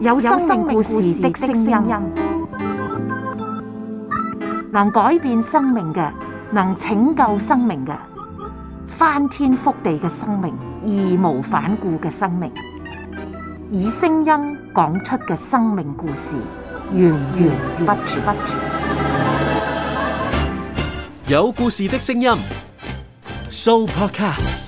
有生命故事的聲音，能改變生命嘅，能拯救生命嘅，翻天覆地嘅生命，義無反顧嘅生命，以聲音講出嘅生命故事，源源不絕。有故事的聲音，Soupercast。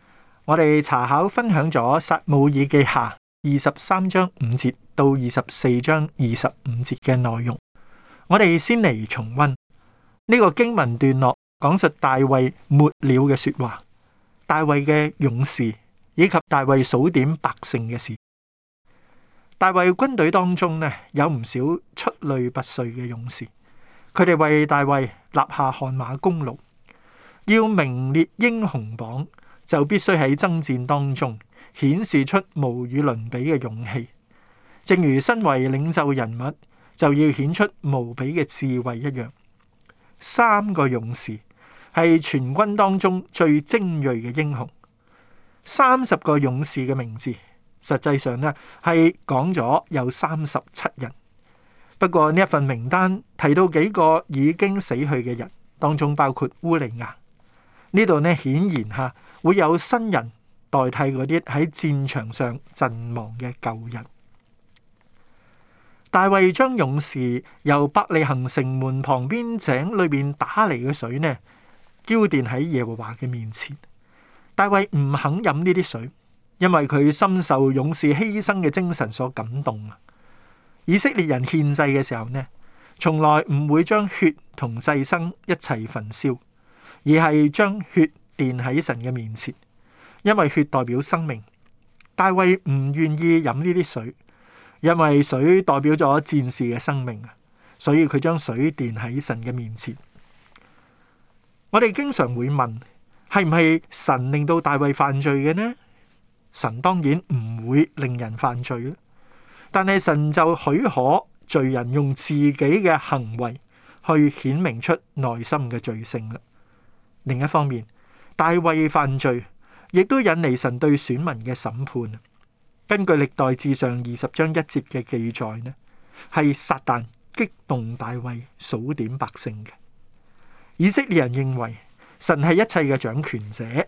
我哋查考分享咗《撒母耳記下》二十三章五節到二十四章二十五節嘅內容。我哋先嚟重溫呢、這個經文段落，講述大衛末了嘅說話，大衛嘅勇士以及大衛數點百姓嘅事。大衛軍隊當中呢，有唔少出類拔萃嘅勇士，佢哋為大衛立下汗馬功勞，要名列英雄榜。就必須喺爭戰當中顯示出無與倫比嘅勇氣，正如身為領袖人物就要顯出無比嘅智慧一樣。三個勇士係全軍當中最精銳嘅英雄，三十個勇士嘅名字實際上呢，係講咗有三十七人。不過呢一份名單提到幾個已經死去嘅人，當中包括烏利亞。呢度呢，顯然吓。會有新人代替嗰啲喺戰場上陣亡嘅舊人。大衛將勇士由伯利恒城門旁邊井裏面打嚟嘅水呢，澆奠喺耶和華嘅面前。大衛唔肯飲呢啲水，因為佢深受勇士犧牲嘅精神所感動啊！以色列人獻祭嘅時候呢，從來唔會將血同祭牲一齊焚燒，而係將血。電喺神嘅面前，因為血代表生命，大衛唔願意飲呢啲水，因為水代表咗戰士嘅生命。所以佢將水電喺神嘅面前。我哋經常會問，係唔係神令到大衛犯罪嘅呢？神當然唔會令人犯罪，但係神就許可罪人用自己嘅行為去顯明出內心嘅罪性。另一方面。大衛犯罪，亦都引嚟神對選民嘅審判。根據歷代志上二十章一節嘅記載，呢係撒旦激動大衛數點百姓嘅。以色列人認為神係一切嘅掌權者，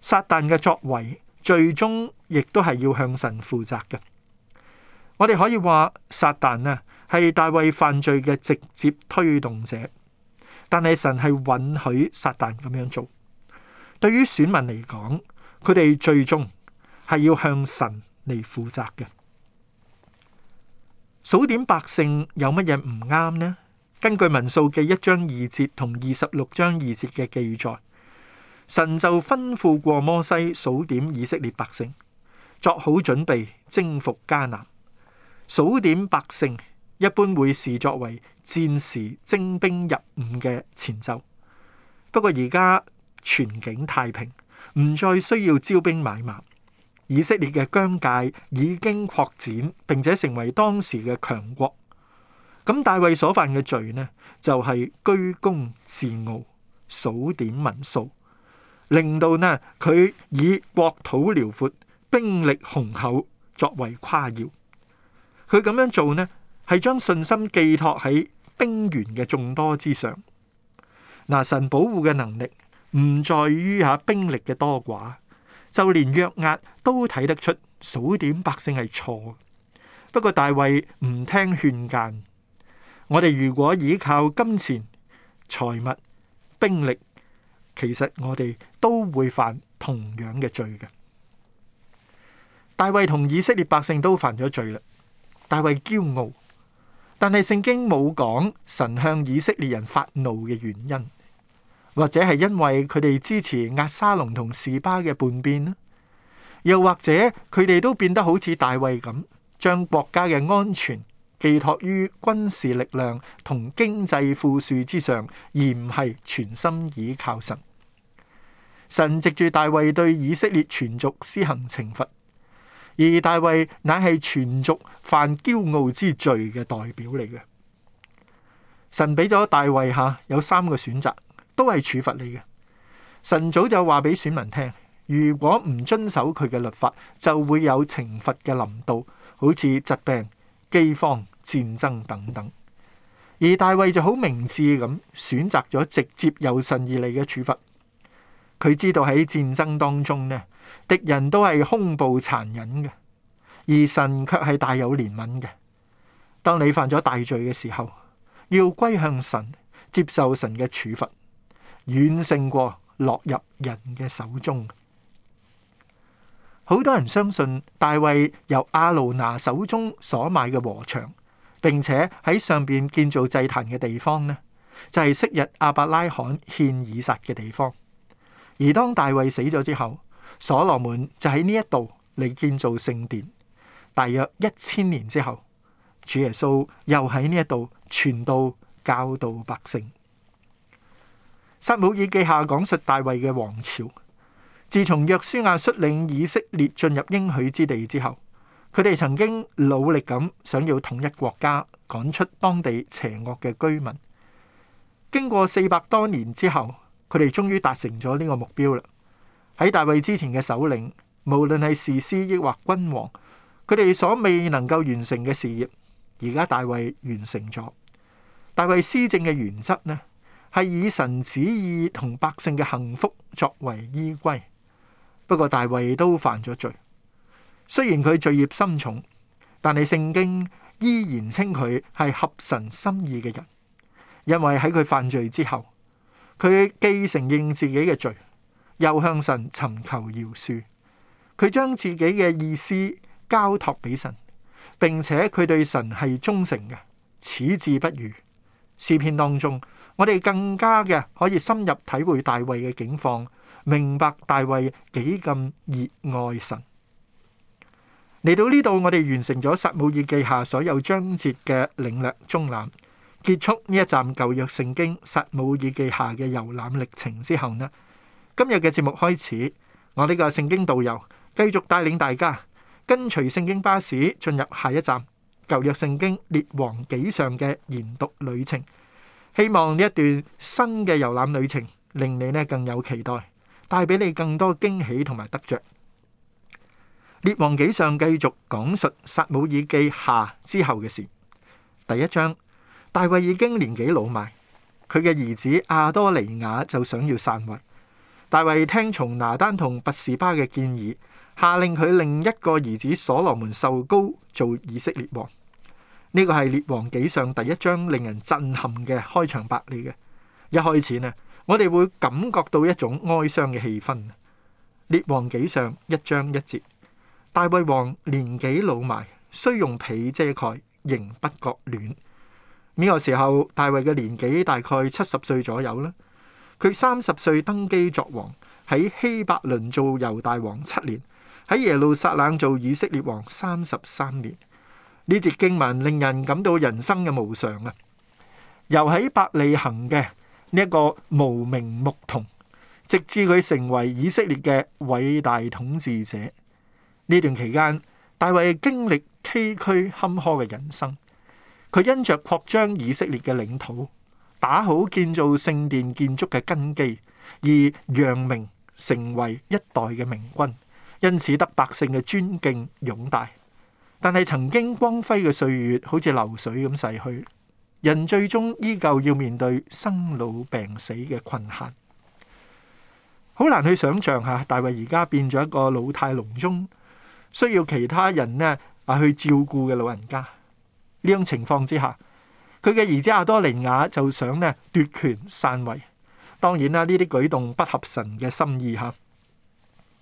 撒旦嘅作為最終亦都係要向神負責嘅。我哋可以話撒旦啊係大衛犯罪嘅直接推動者，但係神係允許撒旦咁樣做。對於選民嚟講，佢哋最終係要向神嚟負責嘅。數點百姓有乜嘢唔啱呢？根據民數嘅一章二節同二十六章二節嘅記載，神就吩咐過摩西數點以色列百姓，作好準備征服迦南。數點百姓一般會視作為戰時徵兵入伍嘅前奏，不過而家。全境太平，唔再需要招兵買馬。以色列嘅疆界已經擴展，並且成為當時嘅強國。咁大衛所犯嘅罪呢，就係、是、居功自傲，數點民數，令到呢佢以國土遼闊、兵力雄厚作為誇耀。佢咁樣做呢，係將信心寄託喺兵員嘅眾多之上。嗱，神保護嘅能力。唔在於吓兵力嘅多寡，就連約押都睇得出數點百姓係錯。不過大衛唔聽勸諫，我哋如果依靠金錢、財物、兵力，其實我哋都會犯同樣嘅罪嘅。大衛同以色列百姓都犯咗罪啦。大衛驕傲，但係聖經冇講神向以色列人發怒嘅原因。或者係因為佢哋支持押沙龍同示巴嘅叛變，又或者佢哋都變得好似大衛咁，將國家嘅安全寄託於軍事力量同經濟富庶之上，而唔係全心倚靠神。神藉住大衛對以色列全族施行懲罰，而大衛乃係全族犯驕傲之罪嘅代表嚟嘅。神俾咗大衛下有三個選擇。都係處罰你嘅。神早就話俾選民聽，如果唔遵守佢嘅律法，就會有懲罰嘅臨到，好似疾病、饑荒、戰爭等等。而大衛就好明智咁選擇咗直接由神而嚟嘅處罰。佢知道喺戰爭當中呢，敵人都係恐怖殘忍嘅，而神卻係大有憐憫嘅。當你犯咗大罪嘅時候，要歸向神，接受神嘅處罰。遠勝過落入人嘅手中。好多人相信大衛由亞勞拿手中所買嘅禾場，並且喺上邊建造祭壇嘅地方呢，就係、是、昔日亞伯拉罕獻以撒嘅地方。而當大衛死咗之後，所羅門就喺呢一度嚟建造聖殿。大約一千年之後，主耶穌又喺呢一度傳道、教導百姓。撒母耳記下講述大衛嘅王朝。自從約書亞率領以色列進入應許之地之後，佢哋曾經努力咁想要統一國家，趕出當地邪惡嘅居民。經過四百多年之後，佢哋終於達成咗呢個目標啦。喺大衛之前嘅首領，無論係士師抑或君王，佢哋所未能夠完成嘅事業，而家大衛完成咗。大衛施政嘅原則呢？係以神旨意同百姓嘅幸福作為依歸。不過大衛都犯咗罪，雖然佢罪孽深重，但係聖經依然稱佢係合神心意嘅人。因為喺佢犯罪之後，佢既承認自己嘅罪，又向神尋求饒恕。佢將自己嘅意思交託俾神，並且佢對神係忠誠嘅，矢志不渝。詩篇當中，我哋更加嘅可以深入體會大衛嘅境況，明白大衛幾咁熱愛神。嚟到呢度，我哋完成咗撒母耳記下所有章節嘅領略、中覽，結束呢一站舊，舊約聖經撒母耳記下嘅遊覽歷程之後呢，今日嘅節目開始，我呢個聖經導遊繼續帶領大家跟隨聖經巴士進入下一站舊，舊約聖經列王紀上嘅研讀旅程。希望呢一段新嘅遊覽旅程令你呢更有期待，帶俾你更多驚喜同埋得着。列王紀上繼續講述撒母耳記下之後嘅事。第一章，大衛已經年紀老邁，佢嘅兒子亞多尼雅就想要散位。大衛聽從拿單同拔士巴嘅建議，下令佢另一個兒子所羅門受膏做以色列王。呢個係《列王紀上》第一章令人震撼嘅開場白嚟嘅。一開始呢，我哋會感覺到一種哀傷嘅氣氛。《列王紀上》一章一節，大衛王年紀老邁，雖用被遮蓋，仍不覺暖。呢、這個時候，大衛嘅年紀大概七十歲左右啦。佢三十歲登基作王，喺希伯崙做猶大王七年，喺耶路撒冷做以色列王三十三年。呢節經文令人感到人生嘅無常啊。由喺伯利恆嘅呢一個無名牧童，直至佢成為以色列嘅偉大統治者，呢段期間，大衛經歷崎嶇坎坷嘅人生。佢因着擴張以色列嘅領土，打好建造聖殿建築嘅根基，而揚名成為一代嘅明君，因此得百姓嘅尊敬擁戴。但係曾經光輝嘅歲月，好似流水咁逝去。人最終依舊要面對生老病死嘅困難，好難去想象吓。大衛而家變咗一個老態龍鍾，需要其他人呢啊去照顧嘅老人家。呢種情況之下，佢嘅兒子亞多尼雅就想呢奪權篡位。當然啦、啊，呢啲舉動不合神嘅心意吓。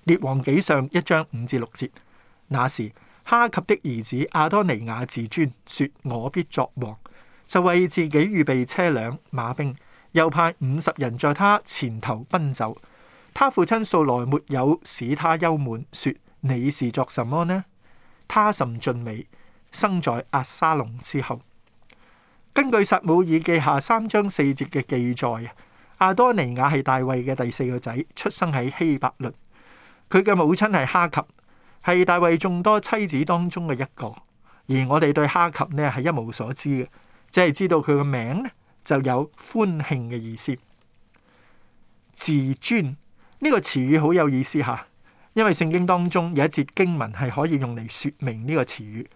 列王紀上一章五至六節，那時。哈及的兒子亞多尼雅自尊，說我必作王，就為自己預備車輛馬兵，又派五十人在他前頭奔走。他父親素來沒有使他憂悶，說你是作什麼呢？他甚俊美，生在押沙龍之後。根據《撒母耳記下》三章四節嘅記載，亞多尼雅係大衛嘅第四個仔，出生喺希伯崙，佢嘅母親係哈及。係大衛眾多妻子，當中嘅一個，而我哋對哈及呢係一無所知嘅，只係知道佢嘅名咧就有歡慶嘅意思。自尊呢、呢個詞語好有意思吓、啊，因為聖經當中有一節經文係可以用嚟說明呢個詞語。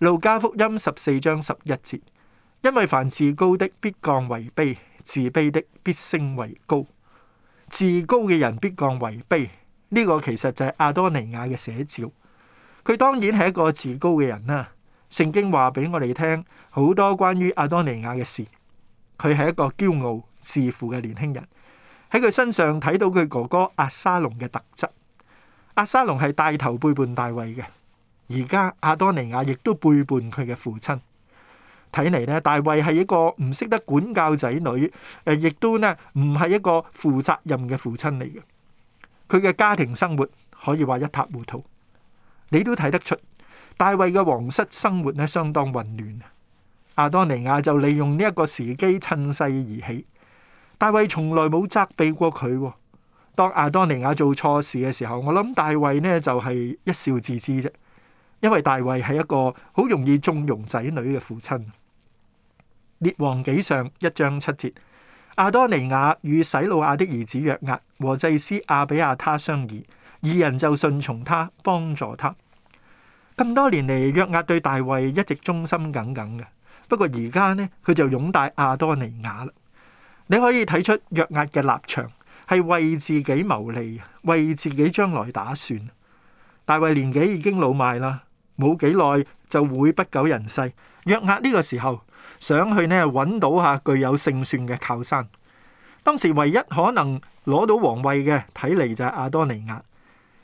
路加福音十四章十一節，因為凡自高的必降為卑，自卑的必升為高，自高嘅人必降為卑。呢個其實就係亞多尼亞嘅寫照。佢當然係一個自高嘅人啦。聖經話俾我哋聽好多關於亞多尼亞嘅事。佢係一個驕傲自負嘅年輕人。喺佢身上睇到佢哥哥阿沙龍嘅特質。阿沙龍係帶頭背叛大衛嘅。而家亞多尼亞亦都背叛佢嘅父親。睇嚟呢，大衛係一個唔識得管教仔女，誒，亦都呢唔係一個負責任嘅父親嚟嘅。佢嘅家庭生活可以話一塌糊塗，你都睇得出大衛嘅皇室生活咧，相當混亂。亞當尼亞就利用呢一個時機，趁勢而起。大衛從來冇責備過佢，當亞當尼亞做錯事嘅時候，我諗大衛呢就係、是、一笑置之啫，因為大衛係一個好容易縱容仔女嘅父親。列王紀上一章七節。亞多尼雅與洗魯亞的兒子約押和祭司亞比亞他商議，二人就順從他，幫助他。咁多年嚟，約押對大衛一直忠心耿耿嘅。不過而家呢，佢就擁戴亞多尼雅啦。你可以睇出約押嘅立場係為自己謀利，為自己將來打算。大衛年紀已經老邁啦，冇幾耐就會不久人世。約押呢個時候。想去揾到下具有勝算嘅靠山。當時唯一可能攞到皇位嘅，睇嚟就係阿多尼雅。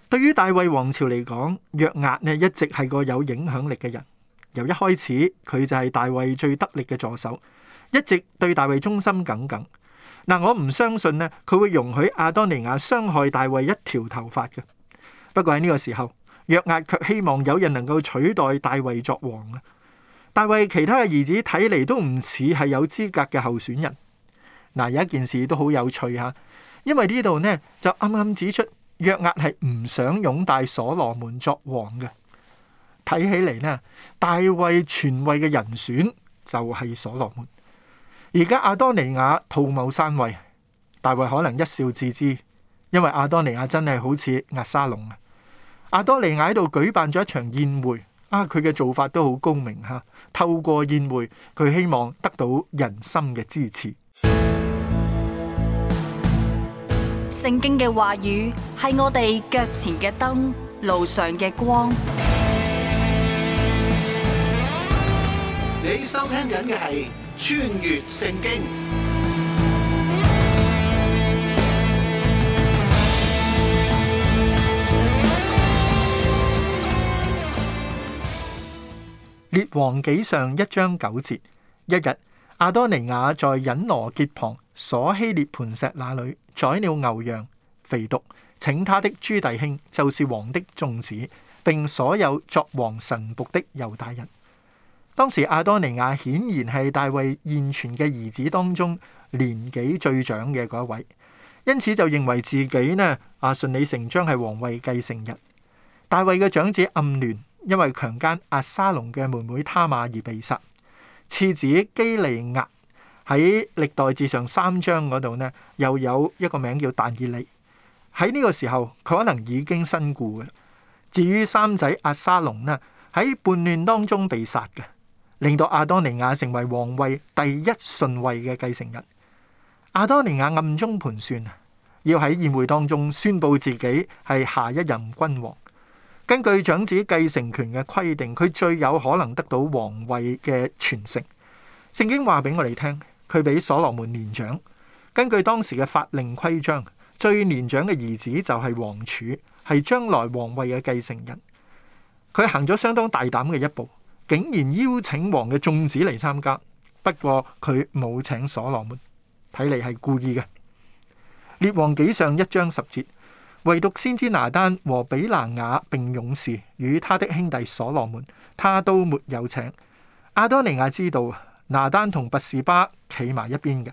對於大衛王朝嚟講，約押咧一直係個有影響力嘅人。由一開始佢就係大衛最得力嘅助手，一直對大衛忠心耿耿。嗱，我唔相信咧佢會容許阿多尼雅傷害大衛一條頭髮嘅。不過喺呢個時候，約押卻希望有人能夠取代大衛作王啊！大衛其他嘅兒子睇嚟都唔似係有資格嘅候選人。嗱、啊，有一件事都好有趣吓、啊，因為呢度呢就啱啱指出約押係唔想擁戴所羅門作王嘅。睇起嚟呢，大衛傳位嘅人選就係所羅門。而家阿多尼亞圖謀篡位，大衛可能一笑置之，因為阿多尼亞真係好似阿沙龍啊。阿多尼亞喺度舉辦咗一場宴會。啊！佢嘅做法都好高明哈、啊，透過宴會，佢希望得到人心嘅支持。聖經嘅話語係我哋腳前嘅燈，路上嘅光。你收聽緊嘅係《穿越聖經》。王紀上一章九節：一日，亞多尼雅在隱羅結旁瑣希列磐石那裏宰了牛羊肥犢，請他的諸弟兄，就是王的眾子，並所有作王臣僕的猶大人。當時亞多尼雅顯然係大衛現存嘅兒子當中年紀最長嘅嗰一位，因此就認為自己呢啊順理成章係王位繼承人。大衛嘅長子暗嫩，因為強姦阿沙龍嘅妹妹他瑪而被殺。次子基利押喺歷代誌上三章嗰度呢，又有一個名叫但以利。喺呢個時候，佢可能已經身故嘅。至於三仔阿沙龍呢，喺叛亂當中被殺嘅，令到阿多尼亞成為皇位第一順位嘅繼承人。阿多尼亞暗中盤算，要喺宴會當中宣布自己係下一任君王。根據長子繼承權嘅規定，佢最有可能得到皇位嘅傳承。聖經話俾我哋聽，佢比所羅門年長。根據當時嘅法令規章，最年長嘅兒子就係王儲，係將來皇位嘅繼承人。佢行咗相當大膽嘅一步，竟然邀請王嘅眾子嚟參加。不過佢冇請所羅門，睇嚟係故意嘅。列王紀上一章十節。唯獨先知拿單和比拿雅並勇士與他的兄弟所羅門，他都沒有請。亞多尼亞知道拿單同拔士巴企埋一邊嘅。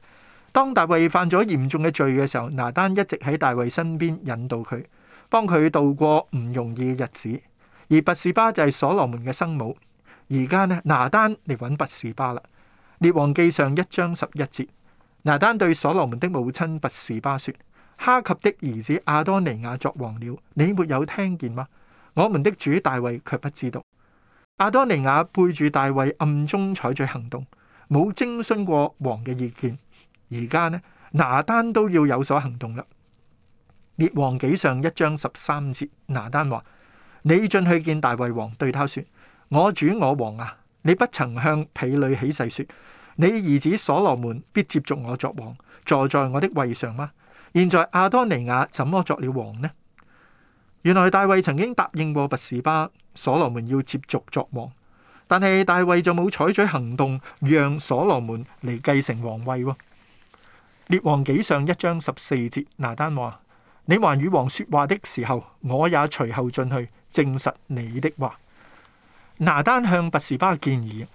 當大衛犯咗嚴重嘅罪嘅時候，拿單一直喺大衛身邊引導佢，幫佢度過唔容易嘅日子。而拔士巴就係所羅門嘅生母。而家呢，拿單嚟揾拔士巴啦。列王記上一章十一節，拿單對所羅門的母親拔士巴說。哈及的兒子亞多尼亞作王了，你沒有聽見嗎？我們的主大衛卻不知道。亞多尼亞背住大衛暗中採取行動，冇徵詢過王嘅意見。而家呢，拿單都要有所行動啦。列王紀上一章十三節，拿單話：你進去見大衛王，對他說：我主我王啊，你不曾向婢女起誓說，你兒子所羅門必接續我作王，坐在我的位上嗎？現在亞多尼亞怎麼作了王呢？原來大衛曾經答應過拔士巴，所羅門要接續作王，但係大衛就冇採取行動，讓所羅門嚟繼承王位。列王紀上一章十四節，拿單話：「你還與王說話的時候，我也隨後進去證實你的話。」拿單向拔士巴建議，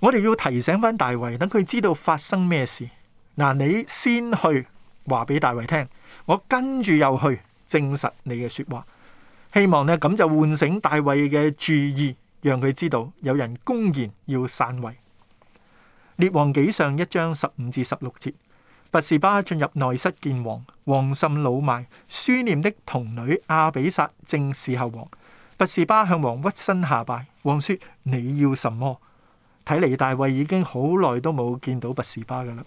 我哋要提醒翻大衛，等佢知道發生咩事。嗱，你先去。話俾大衛聽，我跟住又去證實你嘅說話，希望呢咁就喚醒大衛嘅注意，讓佢知道有人公然要篡位。列王紀上一章十五至十六節，拔士巴進入內室見王，王甚老邁，書念的童女阿比煞正侍候王。拔士巴向王屈身下拜，王說：你要什麼？睇嚟大衛已經好耐都冇見到拔士巴㗎喇。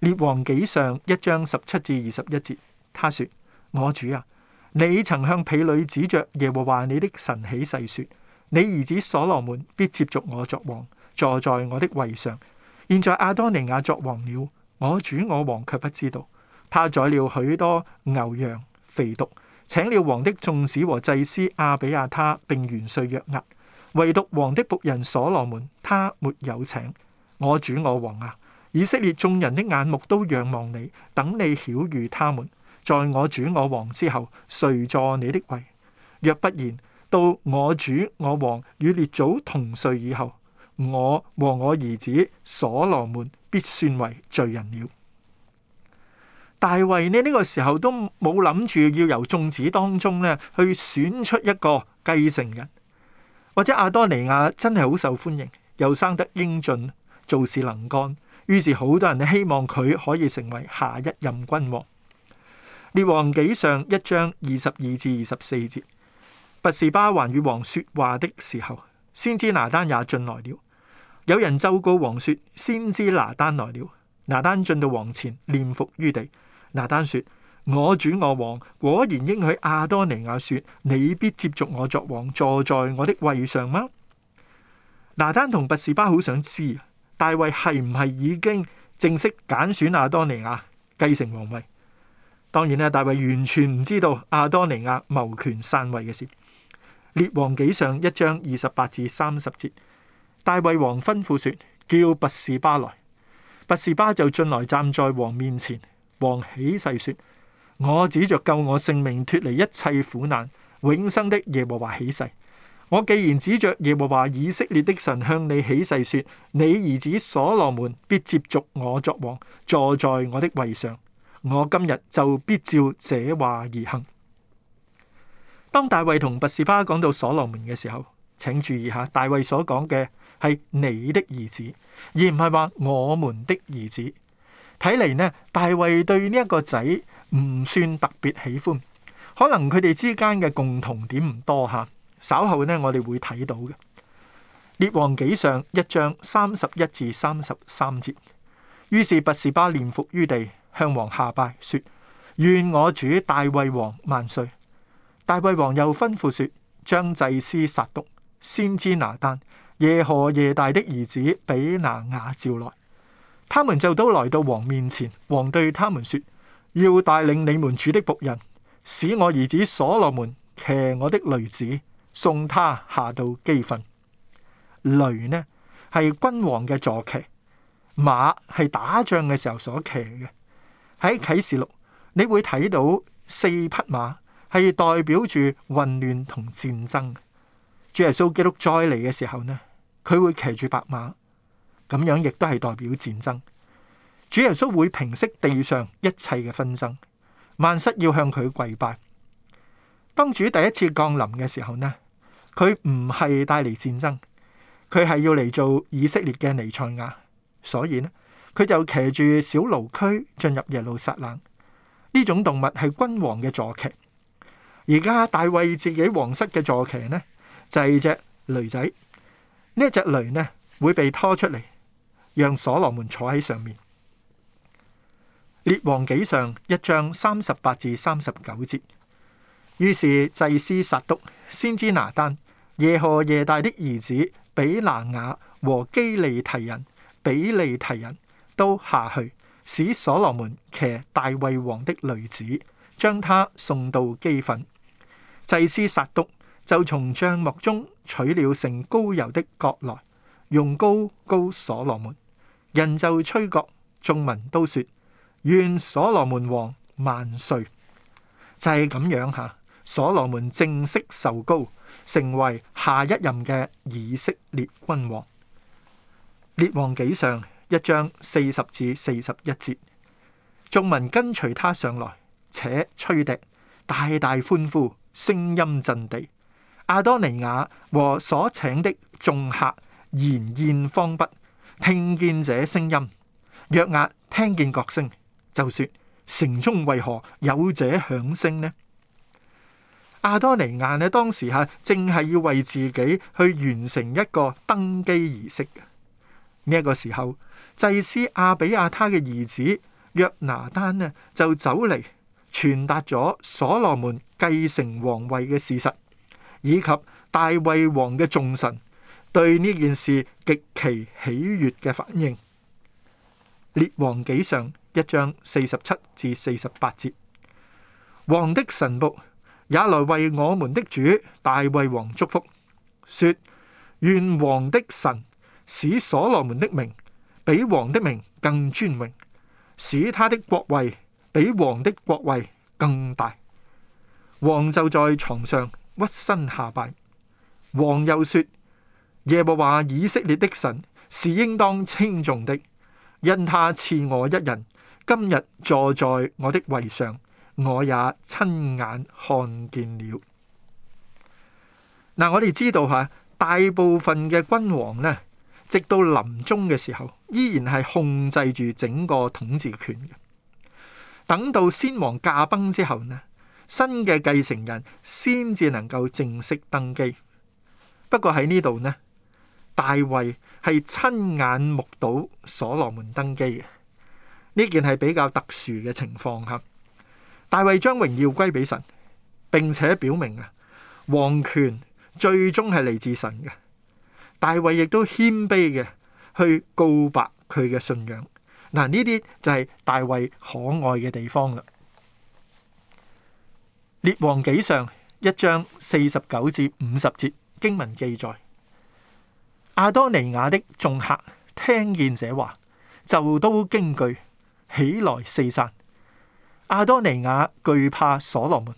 列王紀上一章十七至二十一節，他說：我主啊，你曾向婢女指着耶和華你的神起誓說，你兒子所羅門必接續我作王，坐在我的位上。現在亞多尼雅作王了，我主我王卻不知道。他宰了許多牛羊肥犢。請了王的眾子和祭司亞比亞他並元帥約押，唯獨王的僕人所羅門，他沒有請。我主我王啊！以色列眾人的眼目都仰望你，等你曉諭他們。在我主我王之後，誰坐你的位？若不然，到我主我王與列祖同睡以後，我和我兒子所羅門必算為罪人了。大衛呢，呢個時候都冇諗住要由眾子當中呢去選出一個繼承人，或者阿多尼亞真係好受歡迎，又生得英俊，做事能幹。於是好多人希望佢可以成為下一任君王。列王紀上一章二十二至二十四節，拔士巴還與王說話的時候，先知拿單也進來了。有人奏告王說，先知拿單來了。拿單進到王前，臉伏於地。拿單說：我主我王，果然應許亞多尼亞說，你必接續我作王，坐在我的位上嗎？拿單同拔士巴好想知。大衛係唔係已經正式揀選亞多尼亞繼承王位？當然咧，大衛完全唔知道亞多尼亞謀權篡位嘅事。列王紀上一章二十八至三十節，大衛王吩咐說：叫拔士巴來，拔士巴就進來站在王面前。王起誓說：我指着救我性命脫離一切苦難永生的耶和華起誓。我既然指着耶和華以色列的神向你起誓說，你兒子所羅門必接續我作王，坐在我的位上。我今日就必照這話而行。當大衛同拔士巴講到所羅門嘅時候，請注意下，大衛所講嘅係你的兒子，而唔係話我們的兒子。睇嚟呢，大衛對呢一個仔唔算特別喜歡，可能佢哋之間嘅共同點唔多吓。稍後呢，我哋會睇到嘅《列王紀上》一章三十一至三十三節。於是拔士巴連伏於地，向王下拜，說：願我主大衛王萬歲！大衛王又吩咐說：將祭司撒督、先知拿單、耶何耶大的兒子比拿雅召來，他們就都來到王面前。王對他們說：要帶領你們主的僕人，使我兒子所羅門騎我的騾子。送他下到基訓，驢呢，係君王嘅坐騎，馬係打仗嘅時候所騎嘅。喺啟示錄你會睇到四匹馬係代表住混亂同戰爭。主耶穌基督再嚟嘅時候呢，佢會騎住白馬，咁樣亦都係代表戰爭。主耶穌會平息地上一切嘅紛爭，萬失要向佢跪拜。當主第一次降臨嘅時候呢，佢唔係帶嚟戰爭，佢係要嚟做以色列嘅彌賽亞，所以呢，佢就騎住小驢駒進入耶路撒冷。呢種動物係君王嘅坐騎，而家大衛自己皇室嘅坐騎呢，就係隻驢仔。一隻雷呢，一隻驢呢會被拖出嚟，讓所羅門坐喺上面。列王紀上一章三十八至三十九節，於是祭司撒督，先知拿單。耶何耶大的兒子比拿雅和基利提人、比利提人都下去，使所羅門騎大衛王的驢子，將他送到基訓。祭司撒督就從帳幕中取了盛膏油的角來，用膏膏所羅門。人就吹角，眾民都說：願所羅門王萬歲！就係咁樣吓，所羅門正式受膏。成為下一任嘅以色列君王。列王紀上一章四十至四十一節，眾民跟隨他上來，且吹笛，大大歡呼，聲音震地。亞多尼雅和所請的眾客筵宴方畢，聽見這聲音，約押聽見角聲，就說：城中為何有這響聲呢？亞多尼亞呢，當時係正係要為自己去完成一個登基儀式呢一個時候，祭司亞比亞他嘅兒子約拿單呢，就走嚟傳達咗所羅門繼承皇位嘅事實，以及大衛王嘅眾神對呢件事極其喜悦嘅反應。列王紀上一章四十七至四十八節，王的神僕。也來為我們的主大衛王祝福，說：願王的神使所羅門的名比王的名更尊榮，使他的國位比王的國位更大。王就在床上屈身下拜。王又說：耶和華以色列的神是應當稱頌的，因他賜我一人今日坐在我的位上。我也親眼看見了。嗱、啊，我哋知道吓，大部分嘅君王呢，直到臨終嘅時候，依然係控制住整個統治權嘅。等到先王駕崩之後呢，新嘅繼承人先至能夠正式登基。不過喺呢度呢，大衛係親眼目睹所羅門登基嘅呢件係比較特殊嘅情況吓。大衛將榮耀歸俾神，並且表明啊，王權最終係嚟自神嘅。大衛亦都謙卑嘅去告白佢嘅信仰。嗱，呢啲就係大衛可愛嘅地方啦。列王紀上一章四十九至五十節經文記載，亞多尼雅的眾客聽見這話，就都驚懼起來四散。亞多尼亞懼怕所羅門，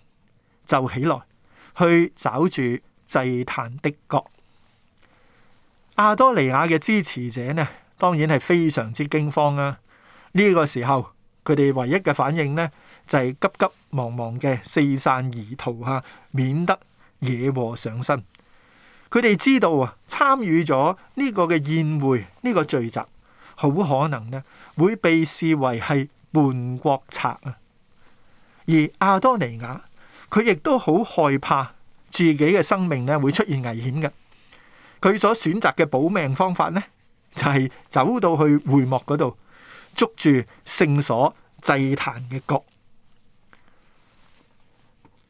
就起來去抓住祭壇的角。亞多尼亞嘅支持者呢，當然係非常之驚慌啦、啊。呢、這個時候，佢哋唯一嘅反應呢，就係、是、急急忙忙嘅四散而逃、啊，吓免得惹禍上身。佢哋知道啊，參與咗呢個嘅宴會，呢、這個聚集，好可能呢會被視為係叛國賊啊。而亞多尼雅，佢亦都好害怕自己嘅生命咧，會出現危險嘅，佢所選擇嘅保命方法咧就係、是、走到去會幕嗰度捉住聖所祭壇嘅角。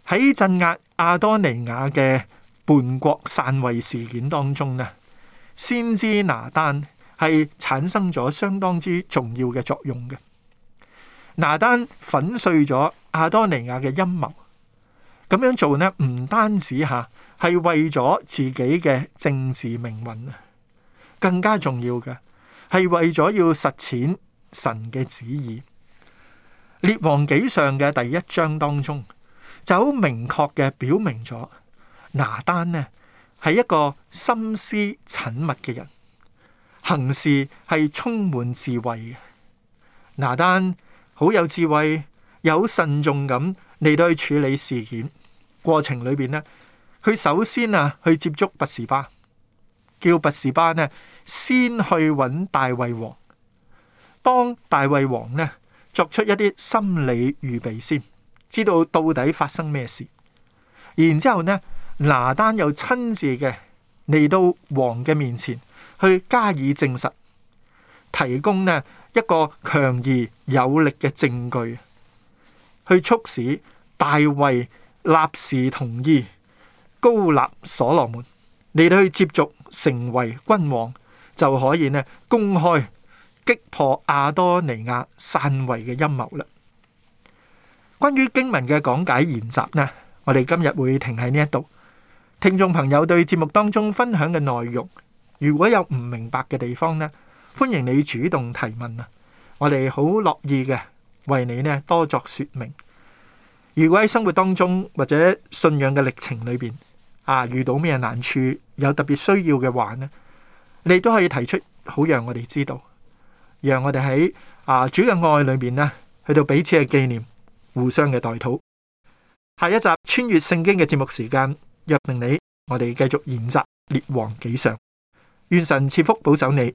喺鎮壓亞多尼雅嘅叛國篡位事件當中咧，先知拿單係產生咗相當之重要嘅作用嘅。拿單粉碎咗亞多尼亞嘅陰謀，咁樣做呢，唔單止吓係為咗自己嘅政治命運，更加重要嘅係為咗要實踐神嘅旨意。列王紀上嘅第一章當中就好明確嘅表明咗，拿單呢係一個心思縝密嘅人，行事係充滿智慧嘅拿單。好有智慧，又好慎重咁嚟到去處理事件過程裏邊呢，佢首先啊去接觸拔士巴，叫拔士巴呢先去揾大衛王，幫大衛王呢作出一啲心理預備先，知道到底發生咩事，然之後呢拿單又親自嘅嚟到王嘅面前去加以證實，提供呢。一個強而有力嘅證據，去促使大衛立時同意高立所羅門，嚟到去接續成為君王，就可以呢公開擊破亞多尼亞散位嘅陰謀啦。關於經文嘅講解研習呢，我哋今日會停喺呢一度。聽眾朋友對節目當中分享嘅內容，如果有唔明白嘅地方呢，歡迎你主動提問啊！我哋好樂意嘅，為你呢多作說明。如果喺生活當中或者信仰嘅歷程裏邊啊，遇到咩難處，有特別需要嘅話呢，你都可以提出，好讓我哋知道，讓我哋喺啊主嘅愛裏面，呢，去到彼此嘅紀念，互相嘅代禱。下一集穿越聖經嘅節目時間，約定你，我哋繼續研習列王紀上，願神賜福保守你。